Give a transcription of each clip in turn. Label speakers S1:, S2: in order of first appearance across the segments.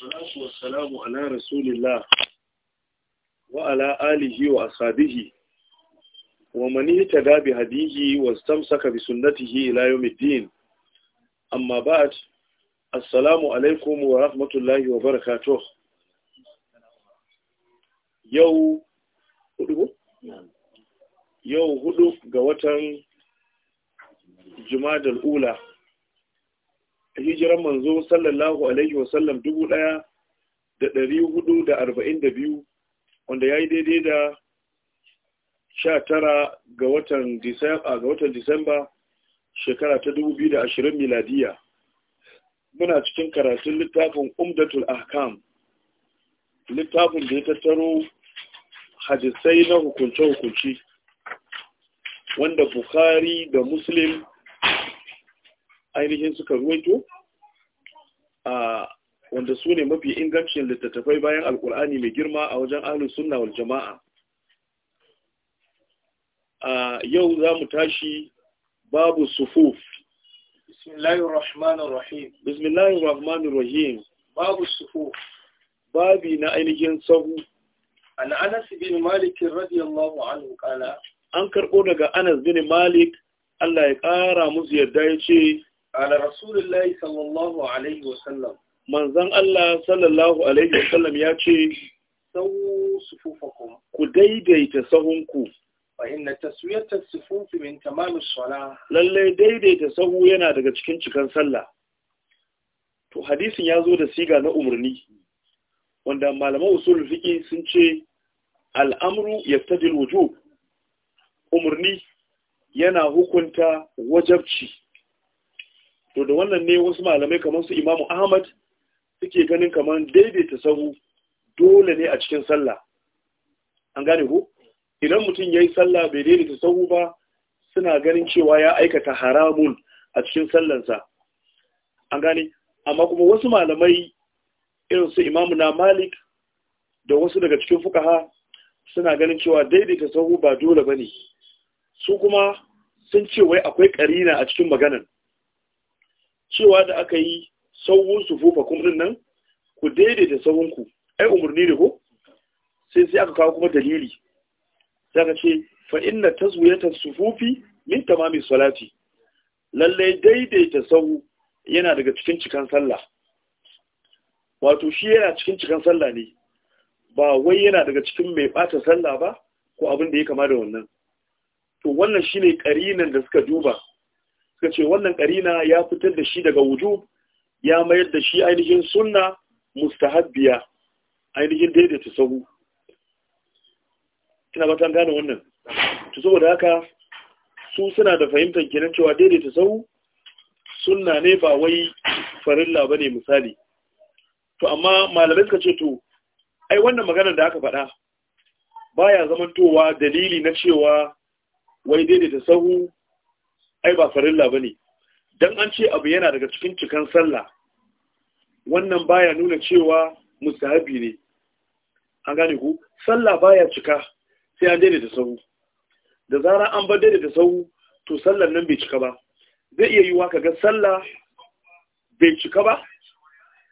S1: salatu wassalamu ala rasulillah wa ala alihi wa ashabihi wa man ittaba bi hadihi wastamsaka bi sunnatihi ila yawmiddin amma ba'd assalamu alaikum wa rahmatullahi wa barakatuh yau hudu yau hudu ga watan jumadal ula hijiran manzo sallallahu alaihi wasallam dubu ɗaya da ɗari hudu da arba'in da biyu wanda ya yi daidai da sha tara ga watan disamba shekara ta dubu biyu da ashirin miladiya muna cikin karatun littafin umdatul ahkam littafin da ya tattaro hadisai na hukunce-hukunci wanda Bukhari da Muslim ainihin suka ruwaito a wanda su ne mafi ingancin littattafai bayan alkur'ani mai girma a wajen ahlus sunna wal jama'a a yau za mu tashi babu sufuf bismillahi rahmanir rahim rahmanir rahim babu sufuf babi na ainihin sahu an anas bin malik radiyallahu anhu kala an karbo daga anas bin malik Allah ya ƙara musu yadda ya ce ala rasulullahi sallallahu alaihi wasallam manzon Allah sallallahu alaihi wasallam ya ce
S2: sau sufufakum ku
S1: daidaita sahunku
S2: fa inna taswiyata sufufi min tamamis salah
S1: lalle daidaita sahu yana daga cikin cikan sallah to hadisin ya zo da siga na umarni wanda malaman usul fiqi sun ce al'amru yaftadi al-wujub umarni yana hukunta wajabci to da wannan ne wasu malamai kamar su imamu ahmad suke ganin kamar daidaita sahu dole ne a cikin sallah an gane ku idan mutum ya yi sallah bai daidaita sahu ba suna ganin cewa ya aikata haramun a cikin sallansa an gane amma kuma wasu malamai irin su imamu na malik da wasu daga cikin fukaha suna ganin cewa daidaita sahu ba dole ba ne su kuma sun ce wai akwai ƙarina a cikin maganan cewa da aka yi sauwun sufufa kumrin nan ku daidaita sauwunku ai umarni da ko sai sai aka kawo kuma dalili sai aka ce fa inna sufufi min tamami salati lalle daidaita sauwu yana daga cikin cikan sallah wato shi yana cikin cikan sallah ne ba wai yana daga cikin mai bata sallah ba ko abin da ya kama da wannan to wannan shine karinan da suka duba suka ce wannan karina ya fitar da shi daga wujub ya mayar da shi ainihin sunna mustahabbiya ainihin daidaita sahu kina ba tan gane wannan to saboda haka su suna da fahimtar kenan cewa daidaita sahu sunna ne ba wai farilla bane misali to amma malamai suka ce to ai wannan maganar da aka faɗa baya zamantowa dalili na cewa wai daidaita sahu ai ba farilla ba ne don an ce abu yana daga cikin cikan sallah wannan baya nuna cewa musahabi ne an gane ku sallah baya cika sai an daidaita sahu da zara an bar daidaita sahu to sallan nan bai cika ba zai iya yiwa kaga sallah bai cika ba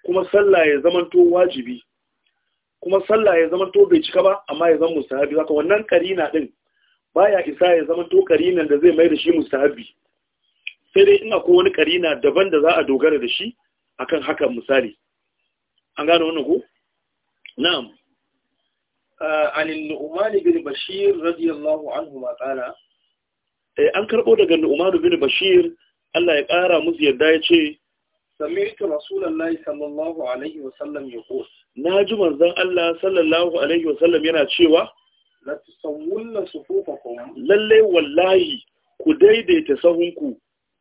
S1: kuma sallah ya zamanto wajibi kuma sallah ya zamanto bai cika ba amma ya zama musahabi haka wannan karina din baya isa ya zama to karinan da zai mai da shi mustahabi sai dai ina ko wani karina daban da za a dogara da shi akan haka misali an gane wannan ko na'am ah, an nu'man bin bashir radiyallahu anhu ma qala eh an karbo daga nu'man bin bashir Allah ya kara musu yadda ya ce sami'tu rasulullahi sallallahu alaihi wasallam yaqul na ji manzon Allah sallallahu alaihi wasallam yana cewa Lallai wallahi ku daidaita sahunku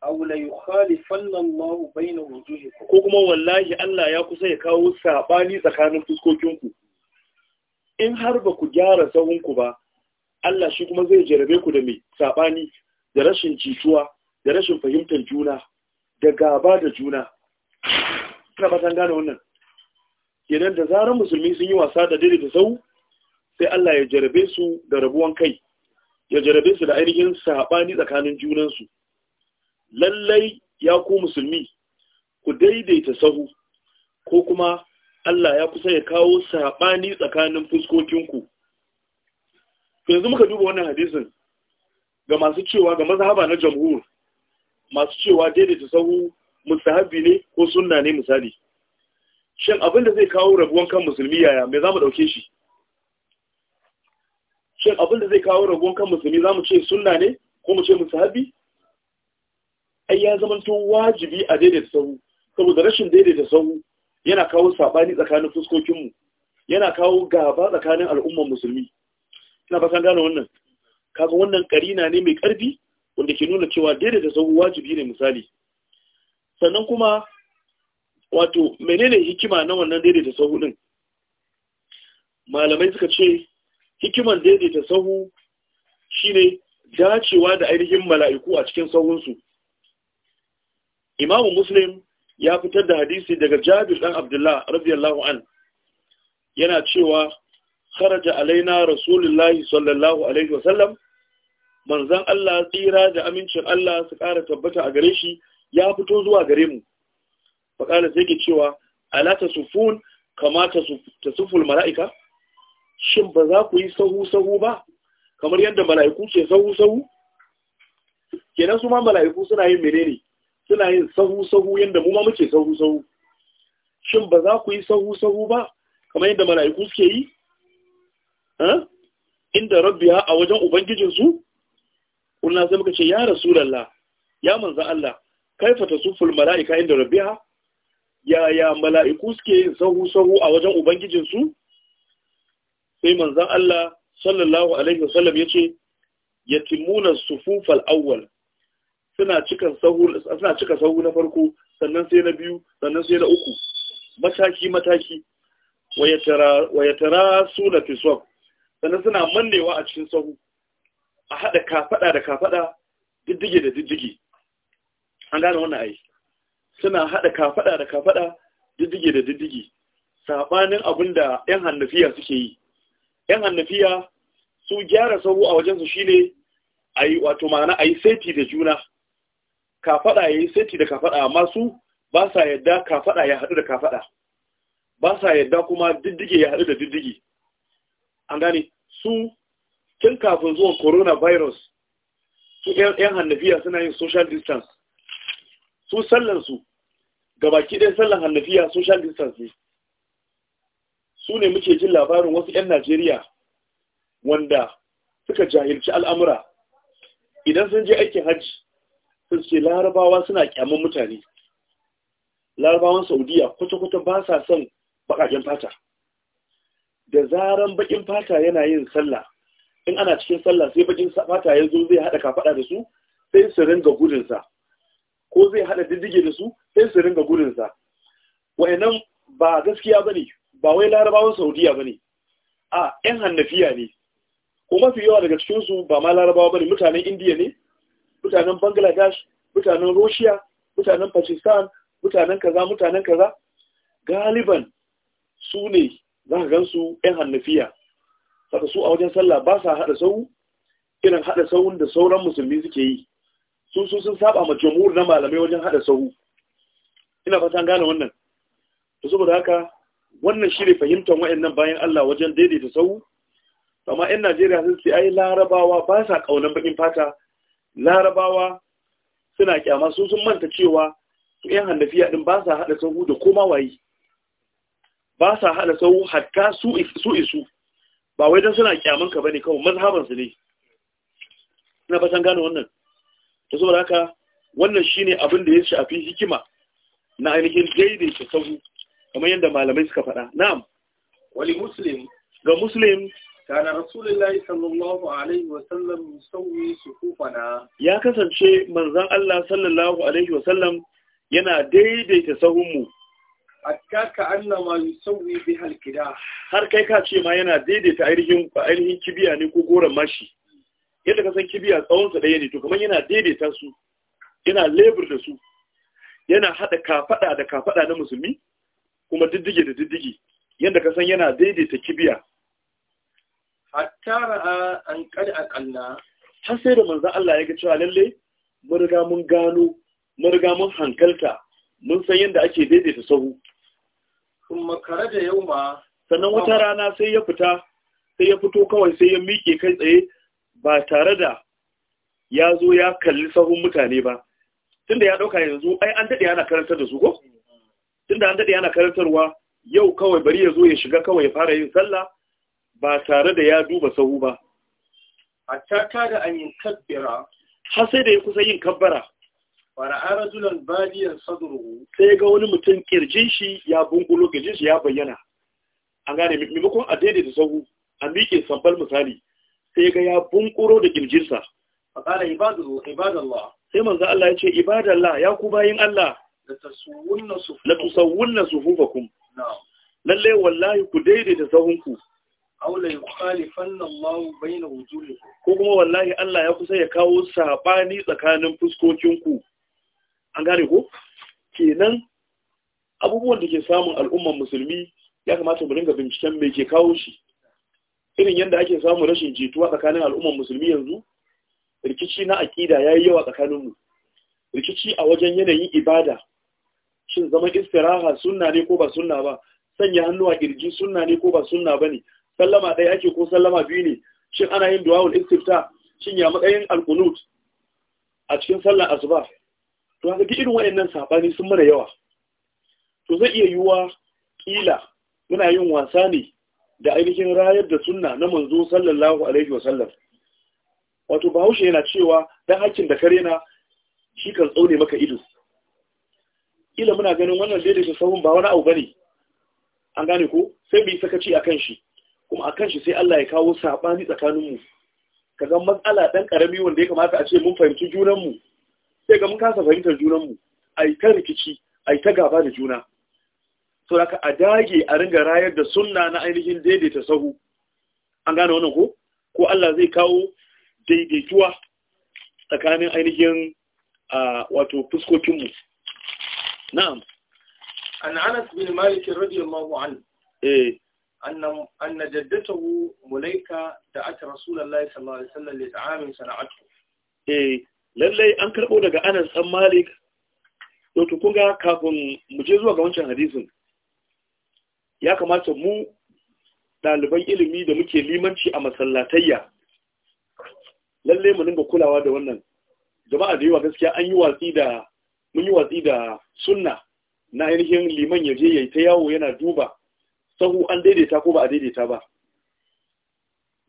S1: aw la yukhalifanna Allahu bayna wujuhikum ko kuma wallahi Allah ya kusa ya kawo sabani tsakanin fuskokinku in har ba ku gyara sahunku ba Allah shi kuma zai jarabe ku da mai sabani da rashin jituwa da rashin fahimtar juna da gaba da juna kana ba gane wannan Idan da zarar musulmi sun yi wasa da daidaita sahunku sai Allah ya jarabe su da rabuwan kai ya jarabe su da ainihin sabani tsakanin junansu lallai ya ku musulmi ku daidaita sahu ko kuma Allah ya kusa ya kawo saɓani tsakanin fuskokinku yanzu muka duba wannan hadisin ga masu cewa ga mazhaba na jamhur masu cewa daidaita sahu mustahabi ne ko sunna ne misali shin abin da zai kawo rabuwan kan musulmi yaya me zamu mu ɗauke shi shin abin da zai kawo ragon kan musulmi za mu ce sunna ne ko mu ce musahabi ai ya zama to wajibi a daidaita sahu saboda rashin daidaita sahu yana kawo sabani tsakanin fuskokinmu yana kawo gaba tsakanin al'umman musulmi ina fatan gane wannan kaga wannan karina ne mai karfi wanda ke nuna cewa daidaita sahu wajibi ne misali sannan kuma wato menene hikima na wannan daidaita sahu din malamai suka ce hikiman daidaita sahu shine dacewa da ainihin mala'iku a cikin sahunsu imamu muslim ya fitar da hadisi daga jabir dan abdullah radiyallahu an yana cewa kharaja alaina rasulullahi sallallahu alaihi wasallam manzon Allah tsira da amincin Allah su ƙara tabbata a gare shi ya fito zuwa gare mu faqala sai ke cewa ala sufun kama tasuful mala'ika shin ba za ku yi sahu-sahu ba kamar yadda mala'iku ke sahu-sahu kenan su ma mala'iku suna yin menene suna yin sahu-sahu yadda mu ma muke sahu-sahu shin ba za ku yi sahu-sahu ba kamar yadda mala'iku suke yi inda rabbiya a wajen ubangijinsu kuna sai muka ce ya rasulallah ya manza Allah kaifa tasuful mala'ika inda rabbiya yaya mala'iku suke yin sahu-sahu a wajen ubangijinsu sai manzan Allah sallallahu alaihi wasallam yace yatimuna sufufal awwal suna cika sahu suna cika sahu na farko sannan sai na biyu sannan sai na uku mataki mataki wa suna fi saf sannan suna mannewa a cikin sahu a hada kafaɗa da kafada diddige da diddige an gane wannan ai suna hada kafaɗa da kafada diddige da diddige sabanin abinda yan hannafiya suke yi yan annafiya su gyara sauro a wajensu shine yi wato ma'ana yi seti da juna ya yayi seti da kafaɗa, amma su ba sa yadda kafaɗa ya haɗu da kafaɗa, ba sa yadda kuma diddige ya haɗu da diddige an gane su tun kafin zuwan coronavirus su yan hannafiya suna yin social distance su sallansu gabaki ɗaya sallan hannafiya social distance ne su ne muke jin labarin wasu 'yan Najeriya wanda suka jahilci al'amura idan sun je aikin hajji sun ce larabawa suna kyamun mutane larabawan saudiya kwata-kwata ba sa son bakaken fata da zaran bakin fata yana yin sallah in ana cikin sallah sai bakin fata ya zo zai haɗa kafaɗa da su sai su ringa gudunsa ko zai haɗa diddige da su sai su ringa gudunsa wa'annan ba gaskiya ba ne ba wai larabawan saudiya ba ne a 'yan hannafiya ne ko mafi yawa daga cikinsu ba ma larabawa ba ne mutanen indiya ne mutanen bangladesh mutanen russia mutanen pakistan mutanen kaza mutanen kaza galiban su ne za ka gansu 'yan hannafiya saka su a wajen sallah ba sa haɗa sau irin haɗa sauhun da sauran musulmi suke yi su su sun saba ma jamhur na malamai wajen haɗa sau ina fatan gane wannan da saboda haka wannan shi ne fahimtar wa'annan bayan Allah wajen daidaita sau amma ɗan Najeriya sun ce ai larabawa ba sa ƙaunar baƙin fata larabawa suna ƙyama su sun manta cewa su 'yan hannafiya din ba sa haɗa sau da koma waye ba sa haɗa sau hatta su isu ba wai don suna kyaman ka bane kawai mazhaban su ne ina fatan gane wannan to saboda haka wannan shine abin da ya shafi hikima na ainihin daidaita sahu kamar yadda malamai suka faɗa na'am wali muslim ga muslim kana rasulullahi sallallahu alaihi wa sallam yusawwi sufufana ya kasance manzon Allah sallallahu alaihi wa sallam yana daidaita sahun mu. hatta ka annama yusawwi biha alqidah har kai ka ce ma yana daidaita ainihin ainihin kibiya ne ko goran mashi yadda ka san kibiya tsawon sa ɗaya ne to kamar yana daidaita su yana lebur da su yana hada kafada da kafada na musulmi kuma diddige da diddige yadda ka san yana daidaita kibiya hatta ra'a an a aqalla har sai da manzon Allah ya ga cewa lalle mun riga mun gano mun riga mun hankalta mun san yadda ake daidaita sahu kuma yau yauma sannan wata rana sai ya fita sai ya fito kawai sai ya miƙe kai tsaye ba tare da ya zo ya kalli sahun mutane ba tunda ya ɗauka yanzu ai an daɗe ana karanta da su ko tunda an dade ana karantarwa yau kawai bari ya zo ya shiga kawai ya fara yin sallah ba tare da ya duba sahu ba hatta ta da an yin kabbira har sai da ya kusa yin kabbara fara rajulan badiyan sadruhu sai ga wani mutum kirjin shi ya bungulo kirjin shi ya bayyana an gane maimakon a da sahu a miƙe sabbal misali sai ga ya bunkuro da kirjinsa a ƙara ibadallah sai manzo Allah ya ce ibadallah ya ku bayin Allah la tusawwunna sufufakum lalle wallahi ku daidaita sahunku
S2: aw la yukhalifanna Allah bayna wujuhikum
S1: ko kuma wallahi Allah ya kusa ya kawo sabani tsakanin fuskokinku an gane ko kenan abubuwan da ke samun al'umman musulmi ya kamata mu dinga binciken me ke kawo shi irin yadda ake samun rashin jituwa tsakanin al'umman musulmi yanzu rikici na akida yayi yawa tsakaninmu rikici a wajen yanayin ibada shin zaman istiraha sunna ne ko ba sunna ba sanya hannu a kirji sunna ne ko ba sunna ba ne sallama ɗaya ake ko sallama biyu ne shin ana yin duwawul istifta shin ya matsayin alkunut a cikin sallar asuba to haka irin waɗannan sabani sun mana yawa to zai iya yiwuwa kila muna yin wasa ne da ainihin rayar da sunna na manzo sallallahu alaihi wa sallam wato bahaushe yana cewa dan hakkin da kare na shi kan tsaune maka ido ila muna ganin wannan daidaita sahun ba wani abu bane an gane ko sai mu yi sakaci akan shi kuma akan shi sai Allah ya kawo sabani tsakanin mu kaga matsala dan karami wanda ya kamata a ce mun fahimci junan mu sai ga mun kasa fahimtar junan mu ai ta rikici ai ta gaba da juna so haka a dage a ringa rayar da sunna na ainihin daidaita sahu an gane wannan ko ko Allah zai kawo daidaituwa tsakanin ainihin wato fuskokinmu na'am an anas bin malik radiyallahu anhu eh أن أن جدته مليكة دعت رسول الله صلى الله عليه وسلم لطعام صنعته. إيه lallai an karɓo daga Anas an Malik to kun ga kafin mu je zuwa ga wancan hadisin ya kamata mu ɗaliban ilimi da muke limanci a masallatayya lallai mu dinga kulawa da wannan jama'a da yawa gaskiya an yi watsi da mun yi watsi da sunna na ainihin liman ya je ya yi ta yawo yana duba sahu an daidaita ko ba a daidaita ba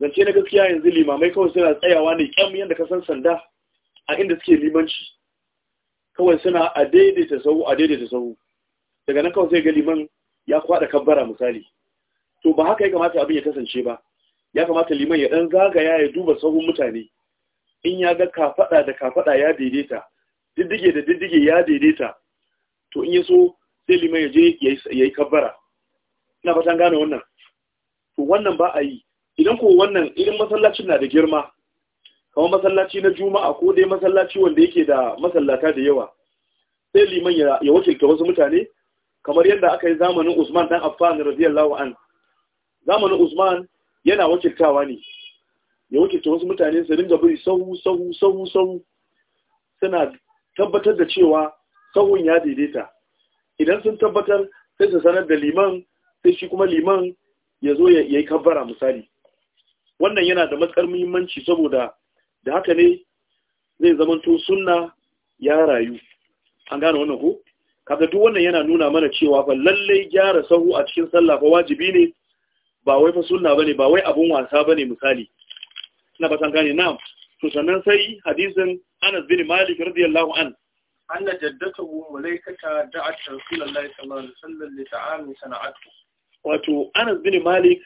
S1: zance na gaskiya yanzu limamai kawai suna tsayawa ne kyan yadda ka san sanda a inda suke limanci kawai suna a daidaita sahu a daidaita sahu daga nan kawai sai ga liman ya kwada kabbara misali to ba haka ya kamata abin ya kasance ba ya kamata liman ya dan zagaya ya duba sahun mutane in ya ga kafada da kafada ya daidaita diddige da diddige ya daidaita to in ya so sai liman ya je ya yi kabbara ina fatan gane wannan to wannan ba a yi idan ko wannan irin masallacin na da girma kamar masallaci na juma'a ko dai masallaci wanda yake da masallata da yawa sai liman ya wakilta wasu mutane kamar yadda aka yi zamanin usman dan affan radiyallahu an zamanin usman yana wakiltawa ne ya wakilta wasu mutane su dinga biri sahu sahu sahu sahu suna tabbatar da cewa sahun ya daidaita idan sun tabbatar sai su sanar da liman sai shi kuma liman ya zo ya yi kabbara misali wannan yana da matsar muhimmanci saboda da haka ne zai zamanto sunna ya rayu an gane wannan ko kaga duk wannan yana nuna mana cewa fa lalle gyara sahu a cikin sallah fa wajibi ne ba wai fa sunna bane ba wai abun wasa bane misali ina ba san gane na'am to sannan sai hadisin Anas bin Malik radiyallahu an anna jaddatuhu malaikata da'a Rasulullahi sallallahu alaihi wasallam li ta'ami sana'atu wato Anas bin Malik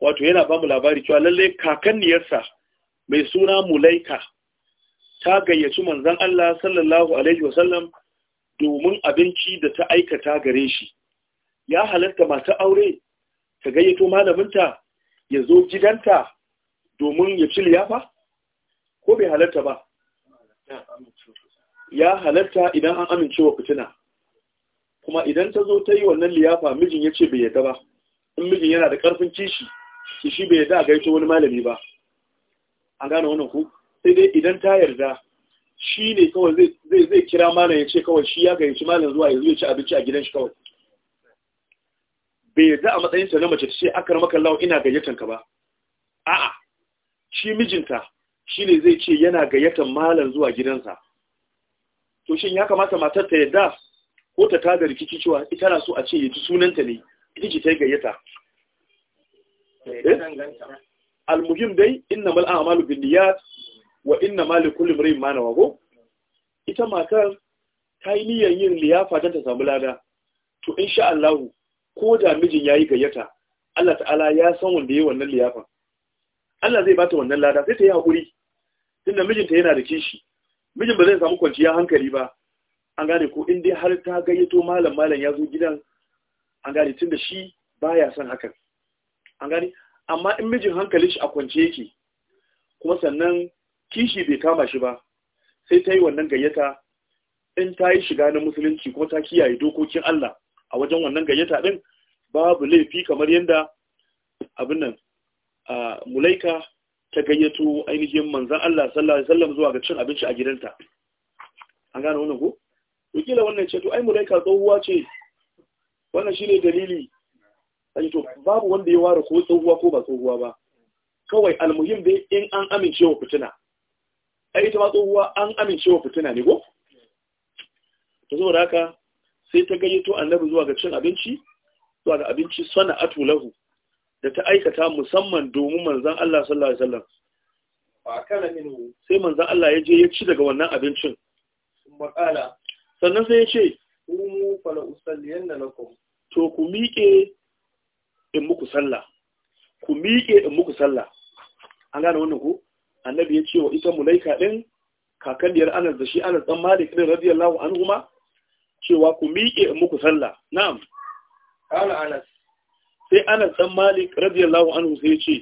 S1: wato yana ba mu labari cewa lalle kakanniyarsa mai suna Mulaika ta gayyaci manzon Allah sallallahu alaihi wasallam domin abinci da ta aikata gare shi ya halatta mata aure ta gayyato malaminta ya zo gidanta domin ya ci liyafa ko bai halatta ba ya halatta idan an amincewa fitina kuma idan ta zo ta yi wannan liyafa mijin ya ce bai yadda ba in mijin yana da ƙarfin kishi kishi bai yadda a gaito wani malami ba an gane wannan ku sai dai idan ta yarda shi ne kawai zai kira malam ya ce kawai shi ya gayyaci malam zuwa ya zo ya ci abinci a gidan shi kawai bai yadda a matsayinta na mace ta ce akar makalla ina gayyatan ka ba a'a shi mijinta shi ne zai ce yana gayyatar malam zuwa gidansa to shi ya kamata matar ta yadda ko ta tada rikici cewa ita na so a ce yaji sunanta ne ita ce ta yi gayyata eh? almuhim dai innamal a'malu binniyat wa innamal likulli imrin ma nawa ita matar ta yi niyyar yin liyafa don ta samu lada to insha Allah ko da mijin yayi gayyata Allah ta'ala ya san wanda yayi wannan liyafa Allah zai bata wannan lada sai ta yi hakuri tunda mijinta yana da kishi mijin ba zai samu kwanciya hankali ba an gane ko in dai har ta gayyato malam malam ya zo gidan an gane tunda shi baya son hakan an gane amma in mijin hankalin shi a kwance yake kuma sannan kishi bai kama shi ba sai ta yi wannan gayyata in ta yi shiga na musulunci kuma ta kiyaye dokokin Allah a wajen wannan gayyata din babu laifi kamar yadda abin nan mulaika ta gayyato ainihin manzan Allah sallallahu alaihi wasallam zuwa ga cin abinci a gidanta an gane wannan ko to kila wannan ce to ai mulaika tsohuwa ce wannan shine dalili sai to babu wanda ya ware ko tsohuwa ko ba tsohuwa ba kawai almuhim dai in an amince wa fitina ai ita ma tsohuwa an amince wa fitina ne ko to saboda haka sai ta gayyato annabi zuwa ga cin abinci zuwa ga abinci sana'atu lahu da ta aikata musamman domin manzan Allah sallallahu alaihi wasallam sai manzan Allah ya je ya ci daga wannan abincin sannan sai ya ce umu fala usalliyanna lakum to ku miƙe in muku sallah ku miƙe in muku sallah an gane wannan ku annabi ya ce wa ita mulaika din kakalliyar Anas da shi Anas dan Malik din radiyallahu anhu ma cewa ku miƙe in muku sallah na'am qala Anas sai anas dan malik radiyallahu anhu sai ya ce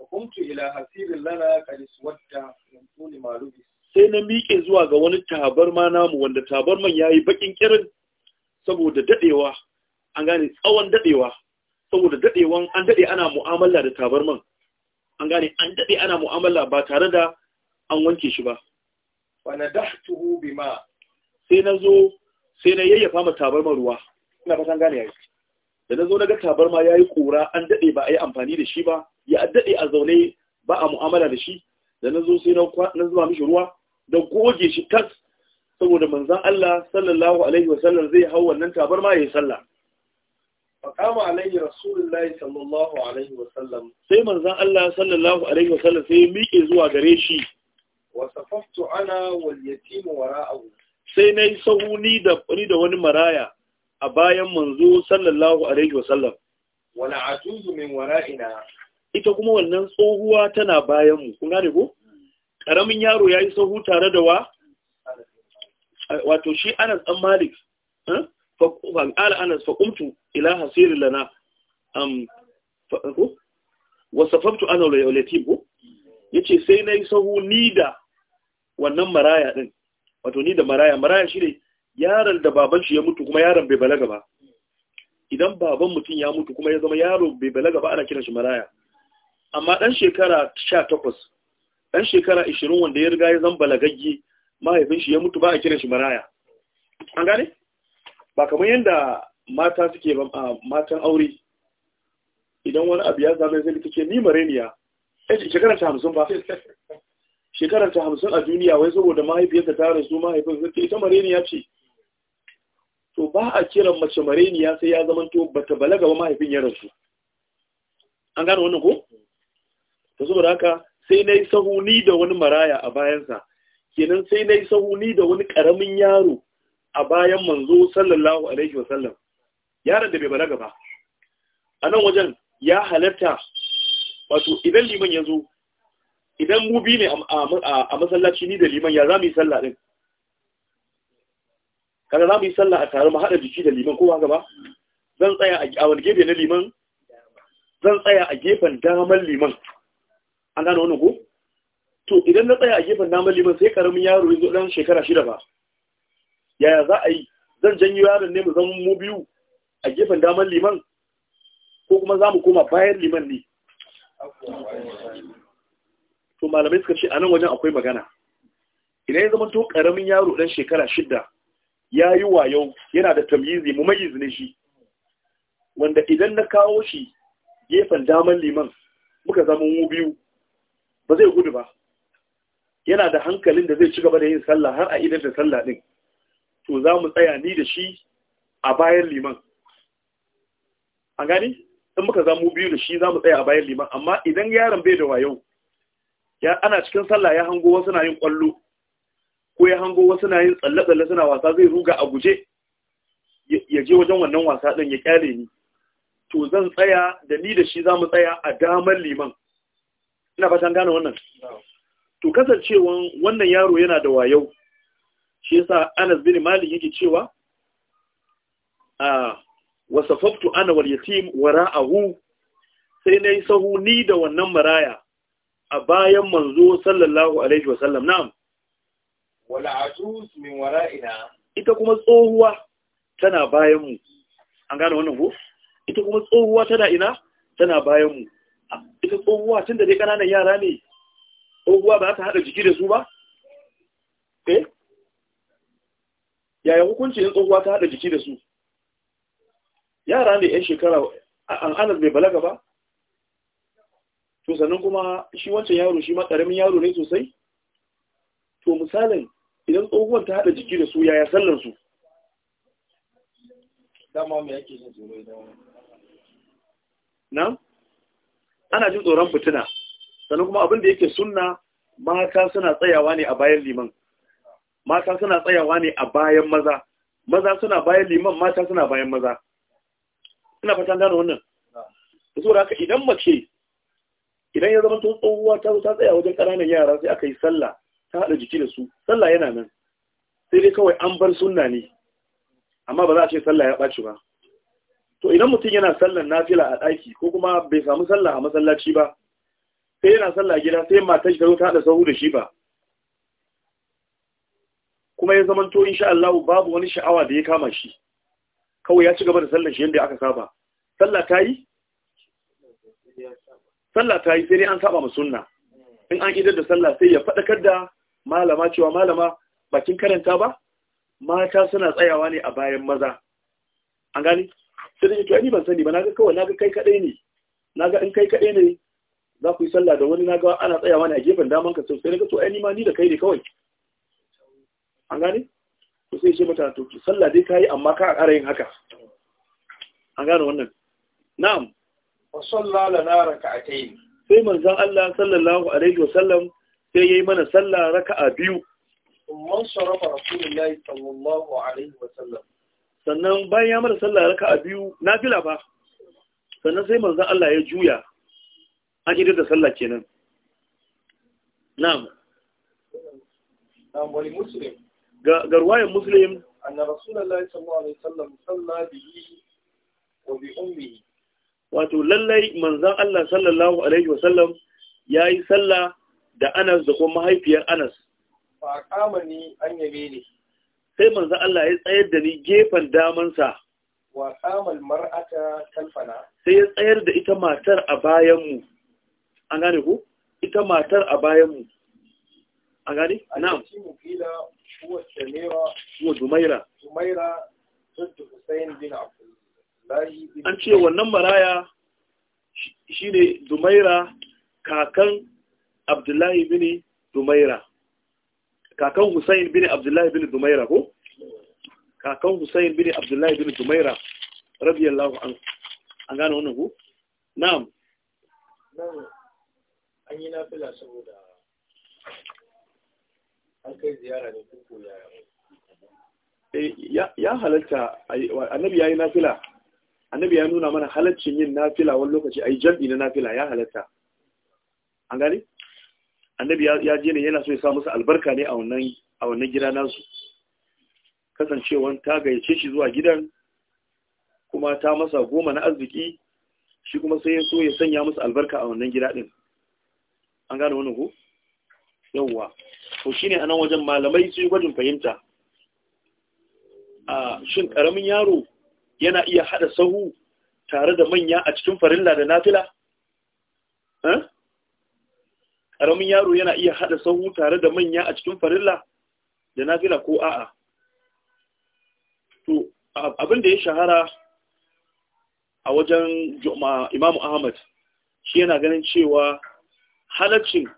S1: hukumtu ila hasirin lana kalis wadda yantuni malubi sai na miƙe zuwa ga wani tabarma namu wanda tabarman ya yi baƙin kirin saboda daɗewa an gane tsawon daɗewa saboda dadewan an daɗe ana mu'amala da tabarman an gane an daɗe ana mu'amala ba tare da an wanke shi ba wa
S2: nadahtuhu bima
S1: sai na zo sai na yayyafa ma tabarman ruwa ina san gane ya yi da na zo na ga tabarma ya yi kura an daɗe ba a yi amfani da shi ba ya daɗe a zaune ba a mu'amala da shi da na zo sai na zuba mishi ruwa da goge shi tas saboda manzan Allah sallallahu alaihi sallam zai hau wannan tabarma ya yi sallah faqama alaihi rasulullahi sallallahu alaihi wa sallam. sai manzan Allah sallallahu alaihi sallam sai miƙe zuwa gare shi wa safaftu ana wal yatim wara'ahu sai nayi sahuni da ni da wani maraya a bayan manzo sallallahu alaihi wasallam wala atuzu min wara'ina ita kuma wannan tsohuwa tana bayan mu kun gane ko karamin yaro yayi sahu tare da wa wato shi Anas dan Malik fa qala Anas fa qumtu ila hasir lana am fa ko safabtu ana yatim ko yace sai nayi sahu ni da wannan maraya din wato ni da maraya maraya shi ne yaron da baban shi ya mutu kuma yaron bai balaga ba idan baban mutum ya mutu kuma ya zama yaro bai balaga ba ana kiran shi maraya amma dan shekara 18 dan shekara 20 wanda ya riga ya zama balagagge mahaifin shi ya mutu ba a kiran shi maraya an gane ba kamar yadda mata suke ba matan aure idan wani abu ya zama zai kake ni mareniya eh shekara ta 50 ba shekara ta 50 a duniya wai saboda mahaifiyarta ta rasu mahaifin zai ita mareniya ce to ba a kiran mace mareniya sai ya zamanto bata balaga ba mahaifin ya rasu an gane wannan ko to saboda haka sai nayi sahuni da wani maraya a bayansa kenan sai nayi sahuni da wani karamin yaro a bayan manzo sallallahu alaihi wa sallam. yaron da bai balaga ba a nan wajen ya halatta wato idan liman ya zo idan mu bi ne a masallaci ni da liman ya za mu yi sallah din kaga za mu yi sallah a tare mu haɗa jiki da liman kowa gaba zan tsaya a wani gefe na liman zan tsaya a gefen damar liman an gane wani ko to idan na tsaya a gefen damar liman sai karamin yaro ya zo dan shekara shida ba yaya za a yi zan janyo yaron ne mu zama mu biyu a gefen damar liman ko kuma za mu koma bayan liman ne to malamai suka ce a nan wajen akwai magana idan ya zama to karamin yaro dan shekara shida ya yi wayo yana da tamyizi mumayyiz ne shi wanda idan na kawo shi gefen daman liman muka zama mu biyu ba zai gudu ba yana da hankalin da zai ci gaba da yin sallah har a idan da sallah din to za mu tsaya ni da shi a bayan liman an gani in muka zama mu biyu da shi za mu tsaya a bayan liman amma idan yaron bai da wayo ya ana cikin sallah ya hango wasu na yin kwallo ko ya hango wasu na yin tsalle-tsalle suna wasa zai ruga a guje ya je wajen wannan wasa ɗin ya kyale ni to zan tsaya da ni da shi za mu tsaya a damar liman ina fatan gane wannan to kasancewan wannan yaro yana da wayau shi yasa anas bin malik yake cewa a wasafaftu ana wal yatim wara'ahu sai nayi sahu ni da wannan maraya a bayan manzo sallallahu alaihi wasallam na'am wala ajuz min wara'ina ita kuma tsohuwa tana bayan mu an gane wannan ko ita kuma tsohuwa tana ina tana bayan mu ah, ita tsohuwa tunda dai kananan yara ne tsohuwa ba ta hada jiki da su ba eh yaya hukunci in tsohuwa ta hada jiki da su yara ne yan shekara an anas bai balaga ba to sannan kuma shi wancan yaro shi ma karamin yaro ne sosai to misalin idan tsohuwar ta haɗa jiki da su yaya sallar su
S2: dama me yake jin tsoro idan
S1: na ana jin tsoron fitina sannan kuma abin da yake sunna mata suna tsayawa ne a bayan liman mata suna tsayawa ne a bayan maza maza suna bayan liman mata suna bayan maza ina fatan gano wannan so da haka idan mace idan ya zama tsohuwa ta ta tsaya wajen ƙananan yara sai aka yi sallah ta haɗa jiki da su sallah yana nan sai dai kawai an bar sunna ne amma ba za a ce sallah ya ɓaci ba to idan mutum yana sallar fila a ɗaki ko kuma bai samu sallah a masallaci ba sai yana sallah gida sai matar shi ta zo ta haɗa sahu da shi ba kuma ya zama to insha Allah babu wani sha'awa da ya kama shi kawai ya ci gaba da sallar shi yadda aka saba sallah ta yi sallah ta yi sai dai an saba ma sunna in an idar da sallah sai ya faɗakar da malama cewa malama bakin karanta ba mata suna tsayawa ne a bayan maza an gani sai dai, to ni ban sani ba naga kawai naga kai kadai ne naga in kai kadai ne za ku yi sallah da wani naga ana tsayawa ne a gefen daman ka sai naga to ai ni ma ni da kai ne kawai an gani to sai ce mata to sallah dai kai amma ka ƙara yin haka an gane wannan na'am wa sallallahu lana raka'atayn sai manzon Allah sallallahu alaihi wa sallam. sai yayi mana sallah raka'a biyu man sharafa rasulullahi sallallahu alaihi wa sallam sannan bayan ya mana sallah raka'a biyu nafila fa sannan sai manzon Allah ya juya an idar da sallah kenan na'am na'am wani muslim ga ruwayan muslim anna rasulullahi sallallahu alaihi wasallam salla bihi wa bi ummi wato lallai manzon Allah sallallahu alaihi wasallam yayi sallah da Anas da kuma mahaifiyar Anas Ba kama ni an yabe ni sai manzo Allah ya tsayar da ni gefen damansa wa kama mar'ata kalfana sai ya tsayar da ita matar a bayan mu an gane ku. ita matar a bayan mu an gane na'am
S2: huwa Samira
S1: huwa Dumaira Dumaira Tuddu Hussein bin Abdullahi an ce wannan maraya shine Dumaira kakan abdullahi bin dumaira kakan Hussein bin abdullahi bin dumaira ko kakan Hussein bin abdullahi bin dumaira radiyallahu anhu an gane wannan ku na'am
S2: an yi nafila saboda an kai ziyara ne kuku
S1: yaya eh, ya halatta annabi ya yi nafila annabi ya nuna mana halaccin yin nafila wani lokaci a yi jam'i na nafila ya halatta an gani annabi ya je ne yana so ya sa musu albarka ne a wannan gida nasu kasancewan ta gayyace shi zuwa gidan kuma ta masa goma na arziki shi kuma sai ya so ya sanya musu albarka a wannan gida din an gane wani ku? yawwa to shine anan wajen malamai su gwajin fahimta a shin karamin yaro yana iya hada sahu tare da manya a cikin farilla da nafila eh ƙaramin yaro yana iya haɗa sahu tare da manya a cikin farilla da nafila ko a'a to abin da ya shahara a wajen imamu ahmad shi yana ganin cewa halaccin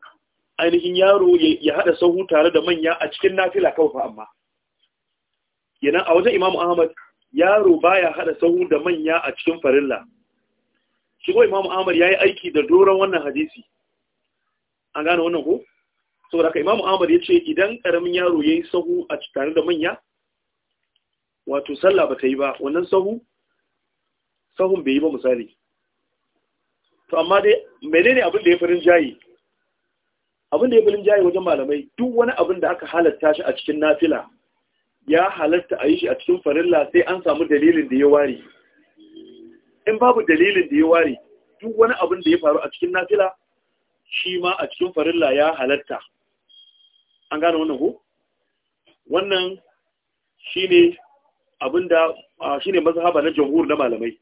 S1: ainihin yaro ya haɗa sahu tare da manya a cikin nafila kawai fa amma yana a wajen imamu ahmad yaro baya haɗa sahu da manya a cikin farilla shigo imamu ahmad ya yi aiki da doron wannan hadisi an gane wannan ko saboda haka imamu ahmad ya ce idan karamin yaro ya yi sahu a tare da manya wato sallah ba ta yi ba wannan sahu sahun bai yi ba misali to amma dai menene abin da ya farin jayi abin da ya farin jayi wajen malamai duk wani abin da aka halatta shi a cikin nafila ya halatta a yi shi a cikin farilla sai an samu dalilin da ya ware in babu dalilin da ya ware duk wani abin da ya faru a cikin nafila shi ma a cikin farilla ya halatta an gane wannan ko wannan shine abinda shine mazhaba na jamhur na malamai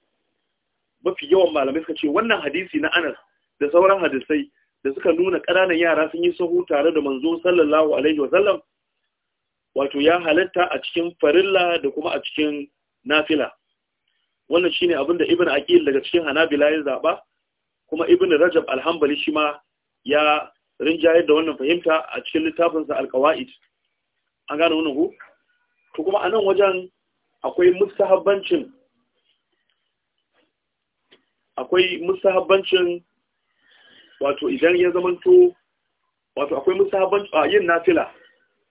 S1: mafi yawan malamai suka ce wannan hadisi na Anas da sauran hadisai da suka nuna ƙananan yara sun yi sahu tare da manzo sallallahu alaihi wasallam wato ya halatta a cikin farilla da kuma a cikin nafila wannan shine abin da ibn aqil daga cikin hanabila ya zaba kuma ibn rajab alhambali shi ma ya rinjayar da wannan fahimta a cikin littafinsa alkawa'id an gane wannan ku to kuma a nan wajen akwai mustahabbancin akwai wato idan ya zamanto wato akwai mustahabbancin a yin nafila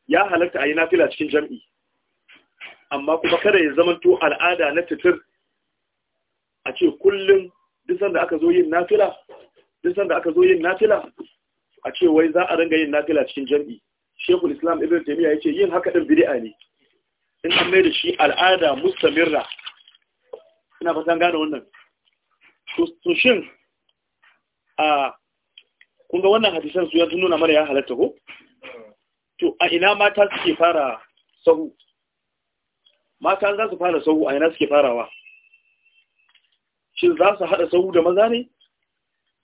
S1: ya halatta a yi nafila cikin jam'i amma kuma kada ya zamanto al'ada na titir a ce kullum duk sanda aka zo yin nafila duk sanda aka zo yin nafila a ce wai za a ringa yin nafila cikin jam'i shekul islam ibn taymiya yace yin haka din bid'a ne in an mai da shi al'ada mustamirra ina fatan gane wannan to shin a kun ga wannan hadisan su ya nuna mana ya halatta ko to a ina mata suke fara sahu mata za su fara sahu a ina suke farawa shin za su haɗa sahu da maza ne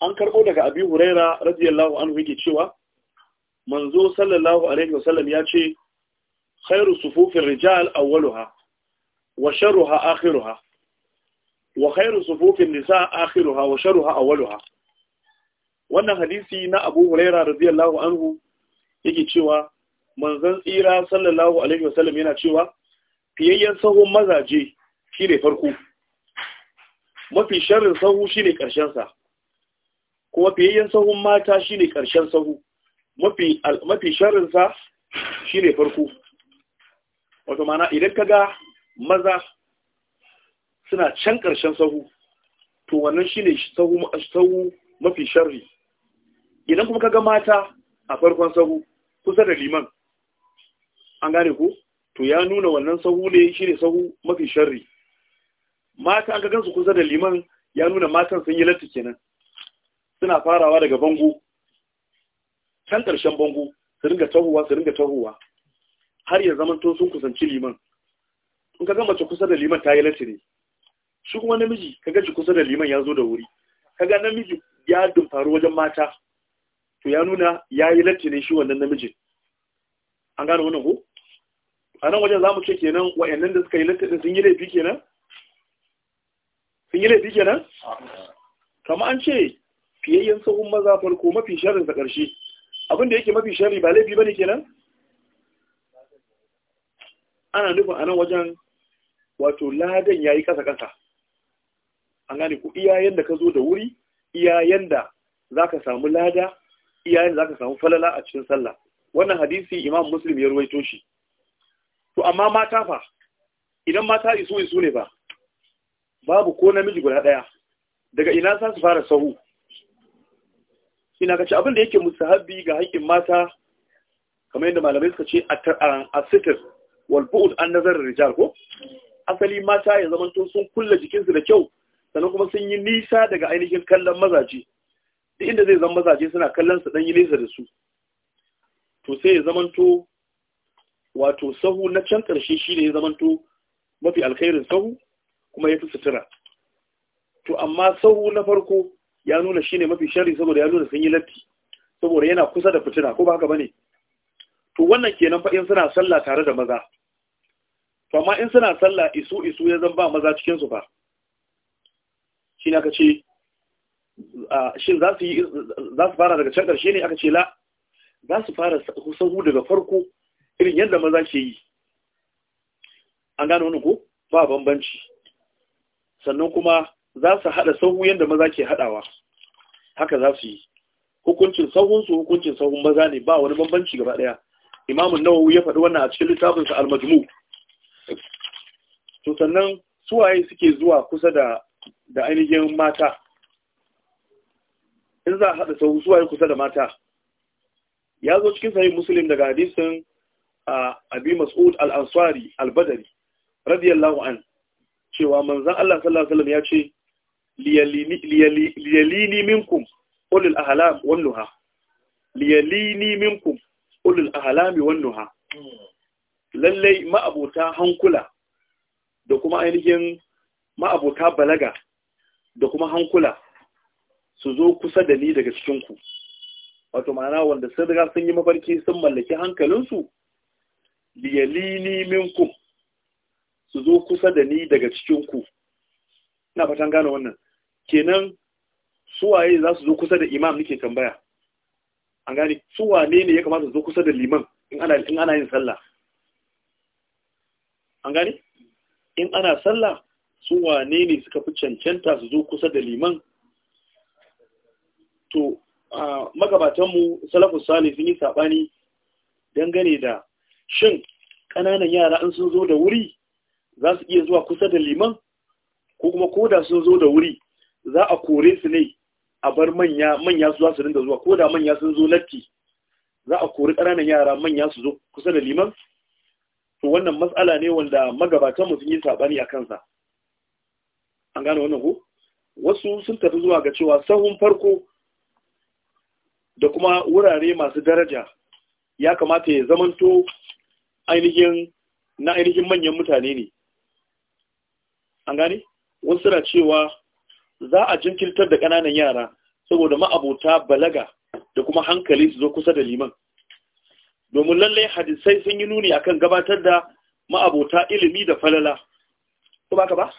S1: an karɓo daga abi huraira radiyallahu anhu yake cewa manzo sallallahu alaihi wasallam ya ce khairu sufufin rijal awwaluha wa sharruha akhiruha wa khairu sufufin nisa akhiruha wa sharruha awwaluha wannan hadisi na abu huraira radiyallahu anhu yake cewa manzon tsira sallallahu alaihi wasallam yana cewa fiyayyen sahun mazaje shine farko mafi sharrin sahu shine karshen sa kuma fiyayyen sahun mata shine ƙarshen sahu mafi sharinsa shi ne shine farko wato mana idan ka ga maza suna can ƙarshen sahu to wannan shine sahu sahu mafi sharri idan kuma ka ga mata a farkon sahu kusa da liman an gane ku, to ya nuna wannan sahu ne shine sahu mafi sharri mata an ga gansu kusa da liman ya nuna matan sun yi latta kenan suna farawa daga bango can ƙarshen bango su ringa tahowa su ringa tahowa har ya zama to sun kusanci liman in ka ga mace kusa da liman ta yi latire shi kuma namiji ka ga shi kusa da liman ya zo da wuri ka ga namiji ya dumfaru wajen mata to ya nuna ya yi latire shi wannan namijin an gane wannan ko a nan wajen za mu ce kenan wa'annan da suka yi latire sun yi laifi kenan sun yi laifi kenan kama an ce fiyayyen tsohon maza farko mafi sharrin sa ƙarshe abin da yake mafi shari, ba laifi ba ne kenan ana nufin anan wajen wato ladan yi ƙasa-ƙasa. an gane ku iyayen da ka zo da wuri iyayen da ka samu lada iyayen da ka samu falala a cikin sallah wannan hadisi imam muslim ya ruwaito shi to amma mata fa idan mata isu isu ne ba babu ko namiji guda ɗaya. daga ina sa su fara sahu shi na kaci abinda yake musahabi ga haƙƙin mata kamar yadda malamai suka ce a uh, sitir walbu'ud an nazarar rijal ko asali mata ya zama sun kulle jikinsu da kyau sannan kuma sun yi nisa daga ainihin kallon mazaje duk inda zai zama mazaje suna kallon su dan yi nesa da su to sai ya to wato sahu na can ƙarshe shi ne ya zamanto mafi alkhairin sahu kuma ya fi sutura to amma sahu na farko ya nuna shine mafi shari saboda ya nuna sun yi latti saboda yana kusa da fitina ko ba haka bane to wannan kenan fa in suna sallah tare da maza to amma in suna sallah isu isu ya zan ba maza cikin su fa shine aka ce shin za su za su fara daga can karshe ne aka ce la za su fara sahu daga farko irin yadda maza ke yi an gano wani ko ba bambanci sannan kuma za su haɗa sahu yadda maza ke haɗawa haka za su yi hukuncin sahunsu hukuncin sahun maza ne ba wani bambanci gaba ɗaya imamun nawawi ya faɗi wannan a cikin littafinsa al-majmu to sannan suwaye suke zuwa kusa da da ainihin mata in za a haɗa sahu suwaye kusa da mata ya zo cikin sahih muslim daga hadisin abi mas'ud al-ansari al-badri radiyallahu an cewa manzon Allah sallallahu alaihi wasallam ya ce liyalini minkum ulul ahlam wan nuha liyalini minkum ulul ahlam wan nuha lalle ma'abota hankula da kuma ainihin ma'abota balaga da kuma hankula su zo kusa da ni daga cikin ku wato ma'ana wanda sun riga sun yi mafarki sun mallaki hankalinsu liyalini minkum su zo kusa da ni daga cikinku ina fatan gane wannan kenan suwaye za su zo kusa da imam nake tambaya an gane suwane ne ya kamata su zo kusa da liman in ana in ana yin sallah an gane in ana sallah suwane ne suka fi cancanta su zo kusa da liman to magabatanmu salafus salih sun yi sabani dangane da shin ƙananan yara in sun zo da wuri za su iya zuwa kusa da liman ko kuma koda sun zo da wuri za a kore su ne a bar manya manya su za su rinda zuwa ko da manya sun zo latti za a kori ƙananan yara manya su zo kusa da liman to wannan matsala ne wanda magabatan mu sun yi sabani a kansa an gane wannan ko wasu sun tafi zuwa ga cewa sahun farko da kuma wurare masu daraja ya kamata ya zamanto ainihin na ainihin manyan mutane ne an gane wasu suna cewa za a jinkirtar da ƙananan yara saboda ma'abota balaga da kuma hankali su zo kusa da liman domin lallai hadisai sun yi nuni akan gabatar da ma'abota ilimi da falala ko baka ba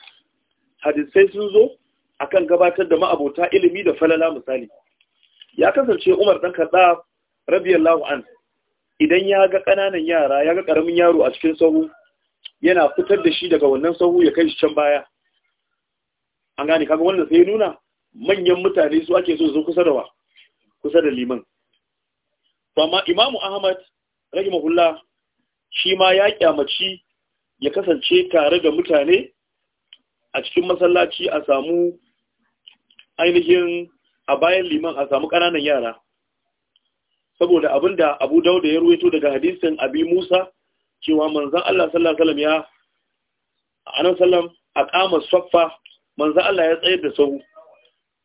S1: hadisai sun zo akan gabatar da ma'abota ilimi da falala misali ya kasance Umar dan Khattab radiyallahu an idan ya ga ƙananan yara ya ga ƙaramin yaro a cikin sahu yana fitar da shi daga wannan sahu ya kai shi can baya an gane kaga wannan sai nuna manyan mutane su ake so su kusa da wa kusa da liman to amma imamu ahmad rahimahullah shi ma ya kyamaci ya kasance tare da mutane a cikin masallaci a samu ainihin a bayan liman a samu ƙananan yara saboda abinda abu dauda ya ruwaito daga hadisin abi musa cewa manzan allah sallallahu alaihi wasallam ya anan sallam a kama saffa manzo Allah ya tsayar da sahu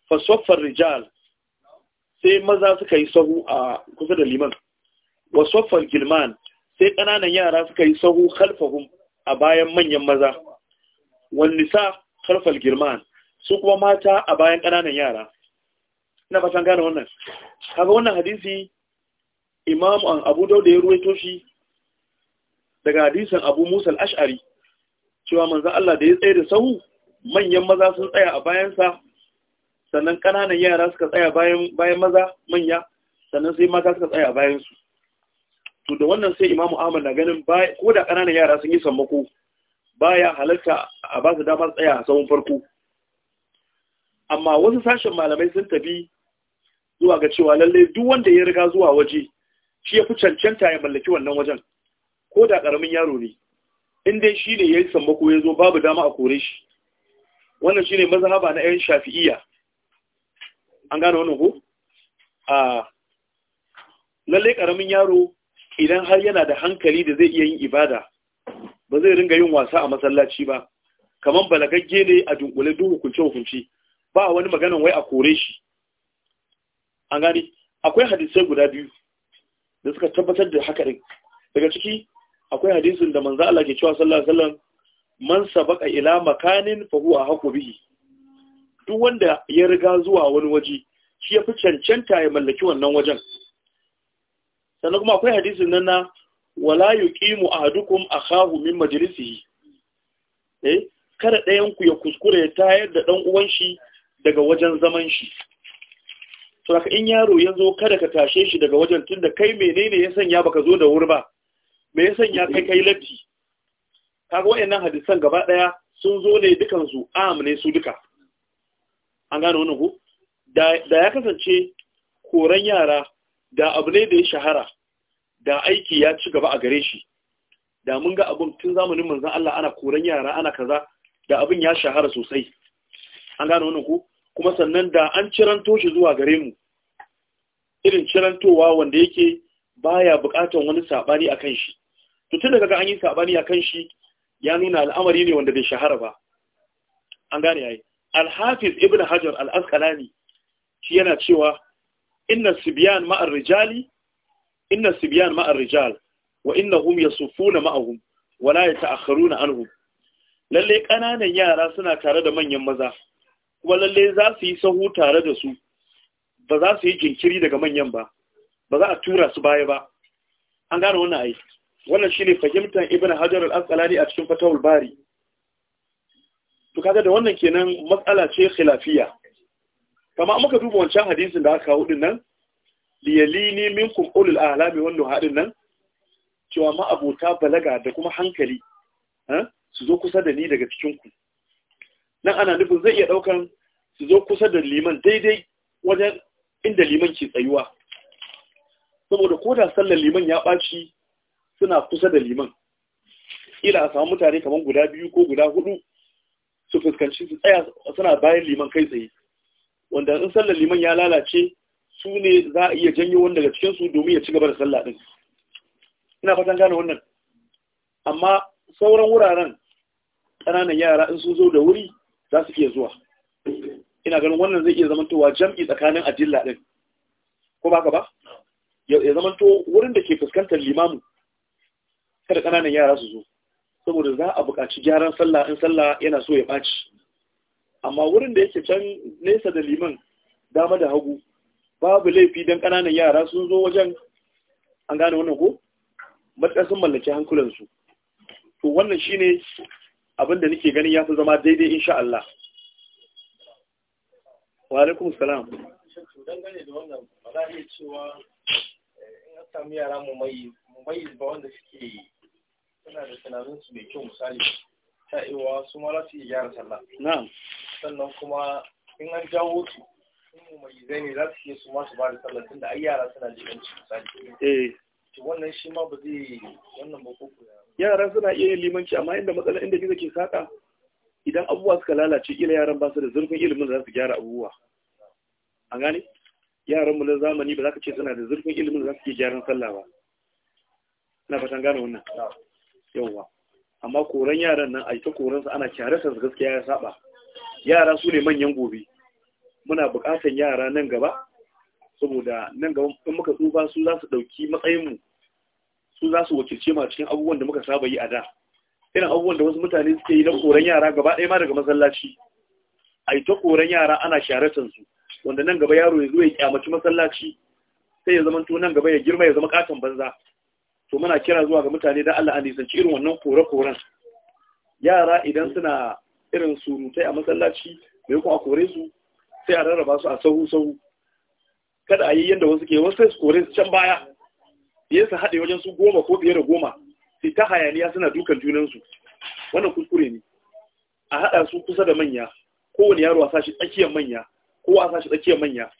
S1: fa saffar rijal sai maza suka yi sahu a kusa da liman wa saffar gilman sai ƙananan yara suka yi sahu khalfahum a bayan manyan maza wan nisa khalfal gilman su kuma mata a bayan ƙananan yara ina fatan gane wannan kaga wannan hadisi imam an abu Dawud ya ruwaito shi daga hadisin abu musa al-ash'ari cewa manzo Allah da ya tsaye da sahu manyan maza sun tsaya a bayansa sannan ƙananan yara suka tsaya bayan maza manya sannan sai mata suka tsaya a bayansu to da wannan sai imamu ahmad na ganin ko da ƙananan yara sun yi sammako baya halarta a ba su damar tsaya a tsawon farko amma wasu sashen malamai sun tafi zuwa ga cewa lallai duk wanda ya riga zuwa waje shi ya fi cancanta ya mallaki wannan wajen ko da ƙaramin yaro ne in dai shi ne ya yi sammako ya zo babu dama a kore shi wannan shine mazhaba na 'yan shafi'iyya an gane wannan ko a lalle karamin yaro idan har yana da hankali da zai iya yin ibada ba zai ringa yin wasa a masallaci ba kaman balagagge ne a dunkule duhu hukunce hukunci ba wani magana wai a kore shi an gane akwai hadisai guda biyu da suka tabbatar da haka din daga ciki akwai hadisin da manzo Allah ke cewa sallallahu alaihi wasallam man sabaka ila makanin fa huwa haqu bihi duk wanda ya riga zuwa wani waje shi yafi cancanta ya mallaki wannan wajen sannan kuma akwai hadisin nan na wala yuqimu ahadukum akahu min majlisihi eh kada ɗayan ku ya kuskure ya tayar da dan uwan shi daga wajen zaman shi to haka in yaro ya zo kada ka tashe shi daga wajen tunda kai menene ya sanya baka zo da wuri ba me ya sanya kai kai latti kaga wayannan hadisan gaba ɗaya, sun zo ne dukan su am su duka an gane wannan ko da ya kasance koran yara da abu ne da ya shahara da aiki ya ci gaba a gare shi da mun ga abun tun zamanin manzon Allah ana koran yara ana kaza da abin ya shahara sosai an gane wannan ko kuma sannan da an ciranto shi zuwa gare mu irin cirantowa wanda yake baya bukatar wani sabani akan shi to tun daga an yi sabani akan shi ya nuna al'amari ne wanda bai shahara ba an gane yayi al-hafiz ibn hajar al-asqalani shi yana cewa inna sibyan ma'ar rijali inna sibyan ma'ar rijal wa innahum yasufuna ma'ahum wa la yata'akhkharuna anhum lalle kananan yara suna tare da manyan maza kuma lalle za su yi sahu tare da su ba za su yi jinkiri daga manyan ba ba za a tura su baya ba an gane wannan aiki wannan shine fahimtar ibn hajar al-asqalani a cikin fatawul bari to kaga da wannan kenan matsala ce khilafiya kama muka duba wancan hadisin da aka kawo din nan min minkum ulul a'lami wannan hadin nan cewa ma abota balaga da kuma hankali su zo kusa da ni daga cikin ku nan ana nufin zai iya daukan su zo kusa da liman daidai wajen inda liman ke tsayuwa saboda ko da sallar liman ya ɓaci suna kusa da liman ila a samu mutane kamar guda biyu ko guda hudu su fuskanci su tsaya suna bayan liman kai tsaye wanda in sallar liman ya lalace su ne za a iya janyo wani daga cikinsu domin ya ci gaba da sallah din ina fatan gane wannan amma sauran wuraren ƙananan yara in sun zo da wuri za su iya zuwa ina ganin wannan zai iya zamantowa jam'i tsakanin adilla din ko ba ka ba ya zamanto wurin da ke fuskantar limamu kada kananan yara su zo saboda za a buƙaci gyaran sallah in sallah yana so ya ɓaci amma wurin da yake can nesa da liman dama da hagu babu laifi don kananan yara sun zo wajen an gane wannan ko matsar sun mallaki hankulansu to wannan shine abin da nake ganin ya fi zama daidai insha Allah wa salam
S2: dangane da wannan ba za a iya cewa
S1: eh, in an samu yara mu mai ba wanda suke suna da tunanin su mai kyau misali ta su ma za su iya gyara sallah na'am sannan kuma in an jawo su in mu mai zai ne za su iya su ma su ba da sallah tunda ai yara suna jiran ci
S2: misali eh wannan shi ma ba zai wannan ba koko
S1: yara suna iya yin limanci amma inda matsala inda gizo ke saka idan abubuwa suka lalace kila yaran ba su da zurfin ilimin da za su gyara abubuwa an gane yaran mu na zamani ba za ka ce suna da zurfin ilimin da za su ke gyaran sallah ba ina fatan gane wannan yawwa amma koran yaran nan a ita koransa ana kyararsa su gaskiya ya saba yara su ne manyan gobe muna bukatan yara nan gaba saboda nan gaba in muka tsufa su za su ɗauki matsayinmu su za su wakilce ma cikin abubuwan da muka saba yi a da irin abubuwan da wasu mutane suke yi na koran yara gaba ɗaya ma daga masallaci a ita koran yara ana sharatan su wanda nan gaba yaro ya zo ya kyamaci masallaci sai ya zama to nan gaba ya girma ya zama katon banza to muna kira zuwa ga mutane da Allah an ci irin wannan kore-koren yara idan suna irin surutai a masallaci mai kuma kore su sai a rarraba su a sahu-sahu kada a yi yadda wasu ke wasu su kore su can baya biye su haɗe wajen su goma ko fiye da goma sai ta hayaniya suna dukan junansu wannan kuskure ne a haɗa su kusa da manya kowane yaro a sashi tsakiyar manya ko a sashi tsakiyar manya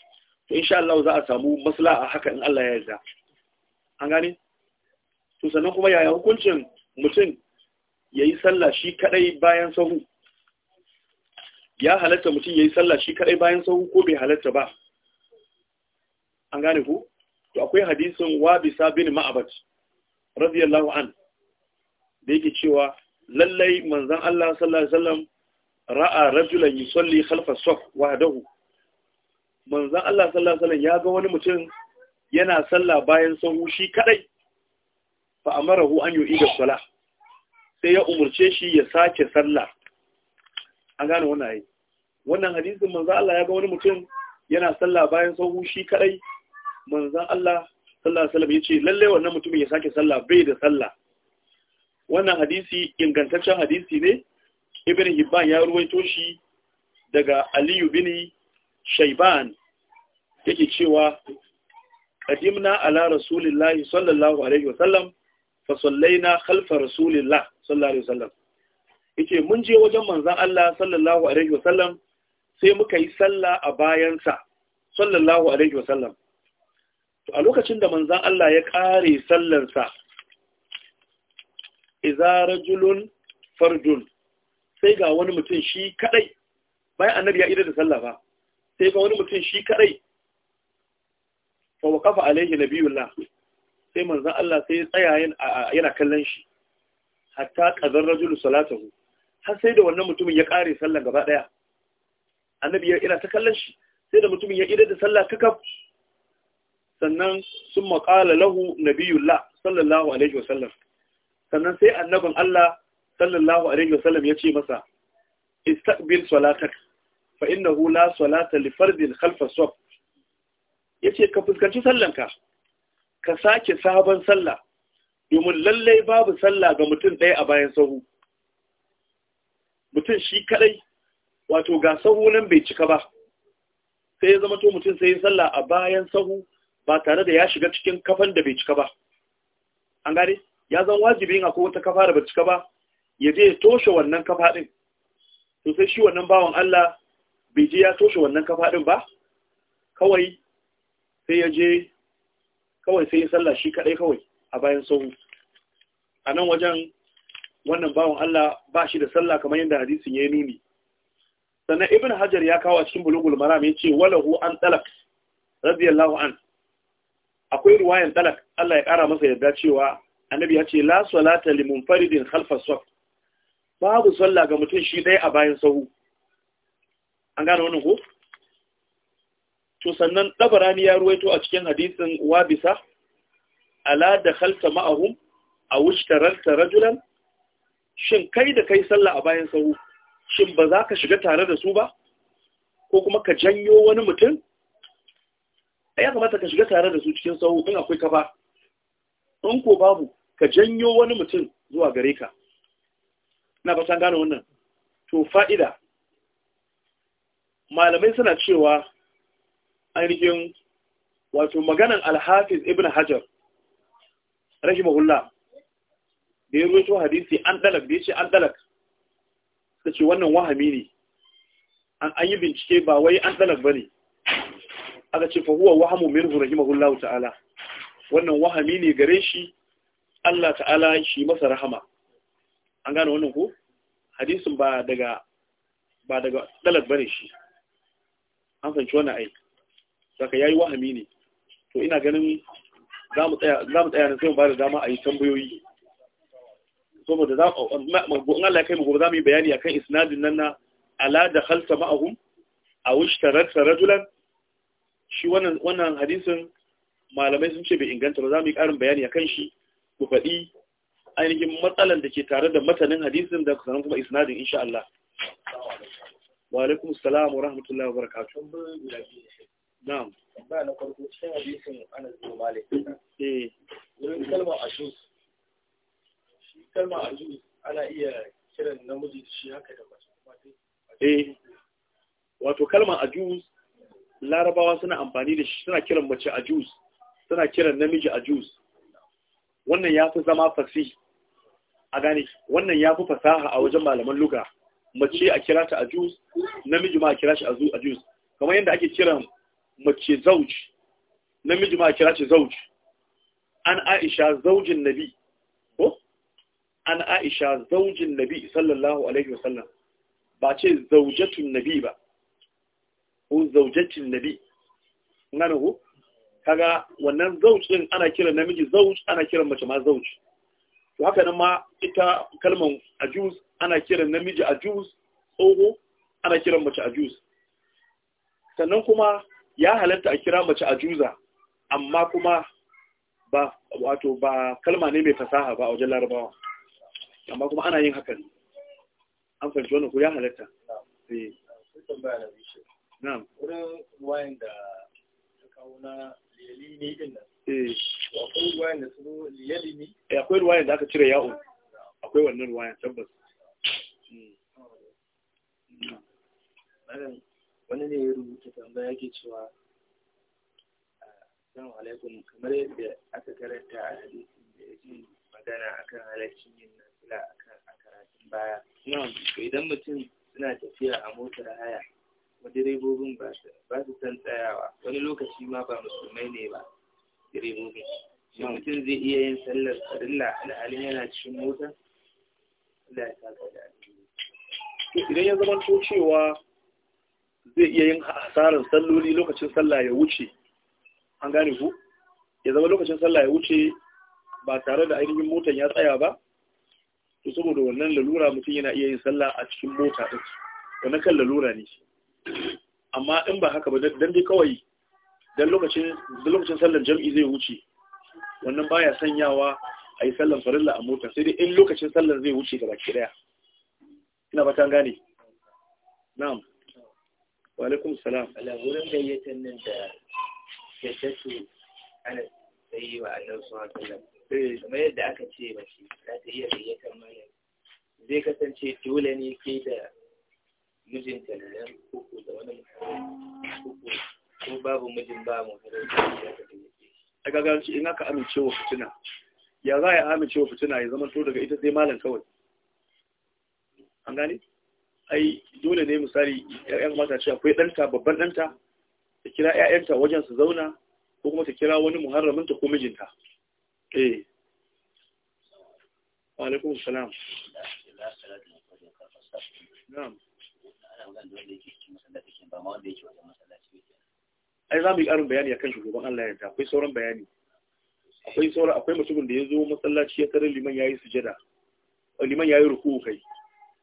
S1: to insha Allah za a samu maslaha haka in Allah ya yarda an gane to sannan kuma yaya hukuncin mutum ya yi sallah shi kadai bayan sahu ya halatta mutum ya yi sallah shi kadai bayan sahu ko bai halatta ba an gane ku to akwai hadisin wabisa bin ma'abat radiyallahu an da yake cewa lallai manzan Allah sallallahu alaihi wasallam ra'a rajulan yusalli khalfa saf wahdahu manzan Allah sallallahu alaihi wasallam ya ga wani mutum yana sallah bayan sahu shi kadai fa amarahu an da sala sai ya umurce shi ya sake sallah an gane wannan ai wannan hadisin manzo Allah ya ga wani mutum yana sallah bayan sahu shi kadai manzo Allah sallallahu alaihi wasallam yace lalle wannan mutumin ya sake sallah bai da sallah wannan hadisi ingantaccen hadisi ne ibn hibban ya ruwaito shi daga aliyu ibn shayban yake cewa qadimna ala rasulillahi sallallahu alaihi wasallam fa sallaina khalfa rasulillah sallallahu alaihi wasallam yace mun je wajen manzon Allah sallallahu alaihi wasallam sai muka yi sallah a bayansa sallallahu alaihi wasallam to a lokacin da manzon Allah ya kare sa idza rajulun farjun sai ga wani mutum shi kadai bai annabi ya ida da sallah ba sai ga wani mutum shi kadai fa waqafa alaihi nabiyullah sai manzan Allah sai ya tsaya yana kallon shi hatta ƙazar rajulu salatahu har sai da wannan mutumin ya ƙare sallan gaba ɗaya annabi ina ta kallon shi sai da mutumin ya idar da sallah kaf sannan sun maƙala lahu nabiyullah sallallahu alaihi wasallam sannan sai annabin Allah sallallahu alaihi wasallam ya ce masa istaqbil salatak fa innahu la salata li fardin khalfa saf yace ka fuskanci sallanka ka sake sabon sallah domin lallai babu sallah ga mutum ɗaya a bayan sahu mutum shi kaɗai, wato ga sahu nan bai cika ba sai ya zama to mutum sai yin sallah a bayan sahu ba tare da ya shiga cikin kafan da bai cika ba an gane ya zan wajibi yin akwai wata kafa da bai cika ba ya je ya toshe wannan kafa ɗin to sai shi wannan bawan Allah bai je ya toshe wannan kafa ɗin ba kawai sai ya je kawai sai sallah shi kadai kawai a bayan sahu a nan wajen wannan bawan Allah ba shi da sallah kamar yadda hadisin ya nuni sannan ibn hajar ya kawo a cikin bulugul maram ya ce walahu an dalak radiyallahu an akwai riwayan dalak Allah ya kara masa yadda cewa annabi ya ce la salata li munfaridin khalfa saf babu sallah ga mutum shi dai a bayan sahu an gane wannan ko to sannan dabarani ya ruwaito a cikin hadisin wabisa ala da halta ma'ahum a wushtararta rajulan shin kai da kai sallah a bayan sahu shin ba za ka shiga tare da su ba ko kuma ka janyo wani mutum ya kamata ka shiga tare da su cikin sahu in akwai ba in ko babu ka janyo wani mutum zuwa gare ka na ba gane wannan to fa'ida malamai suna cewa ainihin wato maganan alhafiz ibn hajar rahimahullah da ya ruwaito hadisi an dalak da ya ce an dalak da ce wannan wahami ne an yi bincike ba wai an dalak ba ne aka ce fahuwa wahamu minhu rahimahullahu ta'ala wannan wahami ne gare shi Allah ta'ala shi masa rahama an gane wannan ku, hadisin ba daga ba daga dalak bane shi an fahimci wannan aiki saka yayi wahami ne to ina ganin za mu tsaya nan sai mu bada dama a yi tambayoyi saboda za mu in Allah ya kai mu gobe za mu yi bayani akan isnadin nan na ala da khalsa ma'ahum aw wishtararsa rajulan shi wannan wannan hadisin malamai sun ce bai inganta ba za mu yi ƙarin bayani akan shi ku faɗi ainihin matsalan da ke tare da matanin hadisin da sanan kuma isnadin insha Allah wa alaikum assalam wa rahmatullahi wa barakatuh na'am
S2: ba na farko cikin hadisin Anas bin Malik eh wurin kalmar ajuz shi kalmar ajuz ana iya kiran namiji shi haka da mace
S1: eh wato kalmar ajuz larabawa suna amfani da shi suna kiran mace ajuz suna kiran namiji ajuz wannan ya fi zama fasih a gane wannan ya fi fasaha a wajen malaman luga mace a kira ta ajuz namiji ma a kira shi ajuz kamar yadda ake kiran mace zauji, namiji ma kira ce zauji. an aisha zaujin nabi ko an aisha zaujin nabi sallallahu alaihi wasallam ba ce zaujatun nabi ba ko zaujatun nabi ngana ko kaga wannan zaujin ana kira namiji zauj ana kira mace ma zauj to haka nan ma ita kalmar ajuz ana kiran namiji ajuz tsoho ana kiran mace ajuz sannan kuma ya halatta a kira mace ajuza amma kuma ba wato ba kalma ne mai fasaha ba a wajen larabawa amma kuma ana yin hakan an fahimci wannan ko ya halatta eh, eh akwai wayan da aka cire ya'un akwai wannan wayan tabbas
S2: hmm. wani ne ya rubuta tambaya yake cewa ah, assalamu alaikum kamar yadda aka karanta a hadisin da ya ce magana akan halaccin yin nasila akan a karatun baya idan mutum suna tafiya a motar haya direbobin ba su san tsayawa wani lokaci ma ba musulmai ne ba direbobin shi mutum zai iya yin sallar farilla alhalin yana cikin mota Allah
S1: ya idan ya zama cewa zai iya yin hasarar salloli lokacin sallah ya wuce an gane ku ya zama lokacin sallah ya wuce ba tare da ainihin motan ya tsaya ba to saboda wannan lalura mutum yana iya yin sallah a cikin mota din wannan kan lalura ne amma in ba haka ba dan dai kawai dan lokacin dan lokacin sallar jami'i zai wuce wannan baya sanyawa a yi sallar farilla a mota sai dai in lokacin sallar zai wuce gaba ki daya ina ba ta gane na'am wa salam
S2: wurin gayyatar nan da ya ana tsayi wa annabi sallallahu alaihi yadda aka ce mace za ta iya gayyatar zai kasance dole ne ke da mijinta koko da wani koko ko babu mijin ba mu
S1: a in aka amincewa fitina ya za a amincewa fitina ya zama to daga ita sai malam kawai an gane ai dole ne misali ƴaƴan mata ce akwai ɗanta babban ɗanta ta kira ƴaƴanta wajen su zauna ko kuma ta kira wani muharraminta ko mijinta eh wa alaikum salam na'am ai za mu yi ƙarin bayani akan shugaban Allah ya akwai sauran bayani akwai sauran akwai mutumin da ya zo masallaci ya tarar liman yayi sujada liman yayi ruku'u kai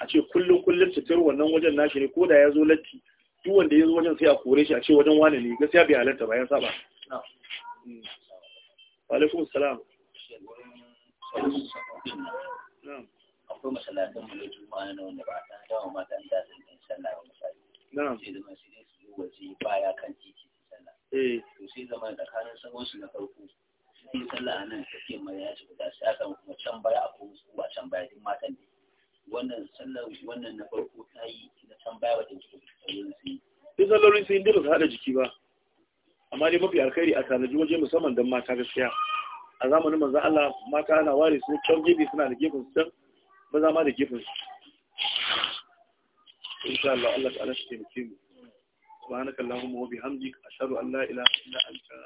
S1: a ce kullum kullum fitar wannan wajen nashi ne ko da ya zo latti duk wanda ya zo wajen sai a kore shi a ce wajen wani ne gaskiya bai halarta ba ya saba alaikum salam
S2: akwai masallatan mu ne juma'a na wanda ba ta dawo ma dan da zan yi sallah wa misali na'am sai zama sai su yi waje baya kan titi su sallah eh to sai zama tsakanin sahun su na farko sai sallah nan take mai ya ci guda sai aka kuma can baya a kuma su a can baya duk matan ne wannan
S1: sallar wannan na farko ta yi
S2: na tambaya wajen wadda
S1: ke sallolin su yi duk sallolin su yi duk su haɗa jiki ba amma dai mafi alkhairi a tanaji waje musamman don mata gaskiya a zamanin manzo Allah mata ana ware su can gefe suna da gefen su can maza ma da gefen su insha Allah Allah ta'ala shi taimake mu subhanakallahumma wa bihamdik ashhadu an la ilaha illa anta